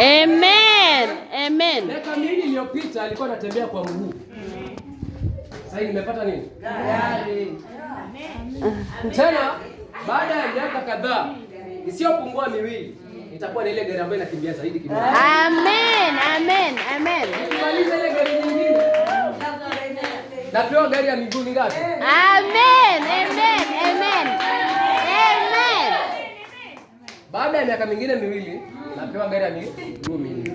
Amen. Amen. Miaka miwili iliyopita alikuwa anatembea kwa mguu. Sasa nimepata nini? Gari. Tena baada ya miaka kadhaa isiyopungua miwili itakuwa ni ile gari ambayo inakimbia zaidi kimbia. Amen. Amen. Amen. Nikimaliza ile gari nyingine. Napewa gari ya miguu ngapi? Amen. Baada ya miaka mingine miwili napewa gari ya miguu minne.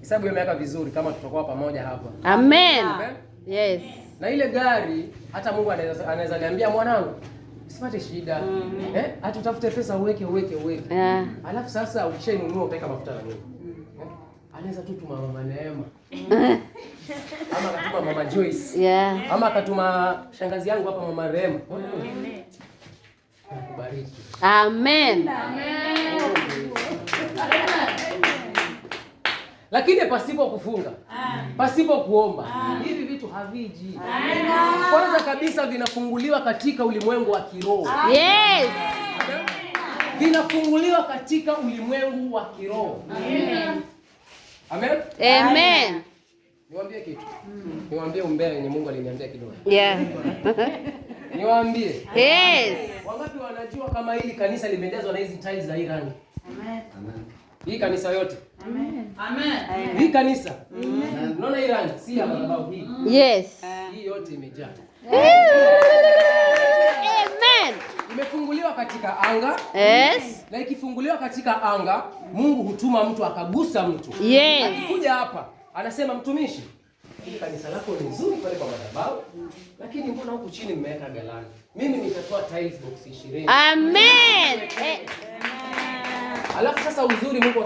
Hesabu ya miaka vizuri, kama tutakuwa pamoja hapa. Amen. Amen. Yes. Na ile gari hata Mungu anaweza niambia mwanangu, usipate shida mm Eh, hata utafute pesa uweke uweke uweke yeah. Alafu sasa ukishainunua utaweka mafuta na nini eh? Anaweza tu tuma mama Neema ama akatuma mama Joyce yeah. Ama akatuma shangazi yangu hapa mama Rehema akubariki. Amen. Amen. Lakini pasipo kufunga, pasipo kuomba, hivi vitu haviji. Kwanza kabisa vinafunguliwa katika ulimwengu wa kiroho. Yes. Vinafunguliwa katika ulimwengu wa kiroho. Amen. Amen. Amen. Niwaambie kitu. Niwaambie umbea yenye Mungu aliniambia kidogo. Yeah. Niwaambie. Yes wangapi wanajua kama hili kanisa limejazwa na hizi tiles za hii rangi? Amen. Hii kanisa yote. Amen. Amen. Hii kanisa. Amen. Unaona hii rangi si ya madhabahu hii. Yes. Hii yote imejaa. Amen. Imefunguliwa katika anga. Yes. Na ikifunguliwa katika anga, Mungu hutuma mtu akagusa mtu. Yes. Akikuja hapa, anasema mtumishi kanisa lako ni zuri pale kwa madhabahu, lakini mbona huku chini mmeweka galani? Mimi nitatoa tiles box 20. Amen. Alafu sasa uzuri Mungu